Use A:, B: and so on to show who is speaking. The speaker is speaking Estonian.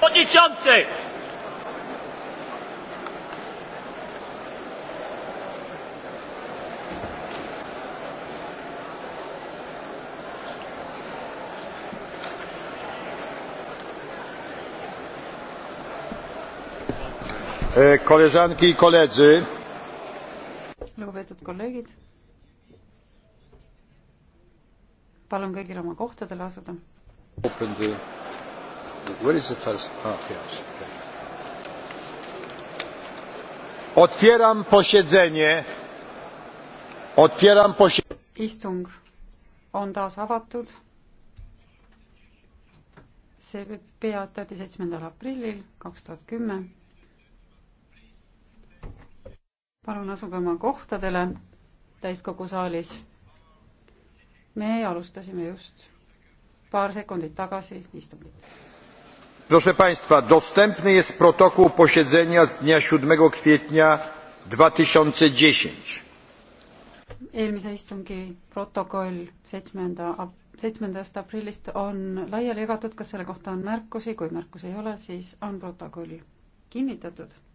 A: Przewodniczący!
B: E, koleżanki i koledzy.
C: Lugupeetud kolleegid. Palun kõigil oma kohtadele asuda.
B: Open the Where is the first? Ah, yes.
A: Otwieram posiedzenie. Otwieram posiedzenie.
D: Istung on taas avatud. see peatati seitsmendal aprillil kaks tuhat kümme. palun asuge oma kohtadele täiskogu saalis. me alustasime just paar sekundit tagasi istungit
E: proszę państwa dostępny jest protokół posiedzenia z dnia siedem kwietnia dwa tysiące dziesięć
D: eelmise istungi protokoll seitsmenda seitsmendast aprillist on laiali jagatud kas selle kohta on märkusi kui märkusi ei ole siis on protokolli kinnitatud